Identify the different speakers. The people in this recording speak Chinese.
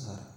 Speaker 1: besar.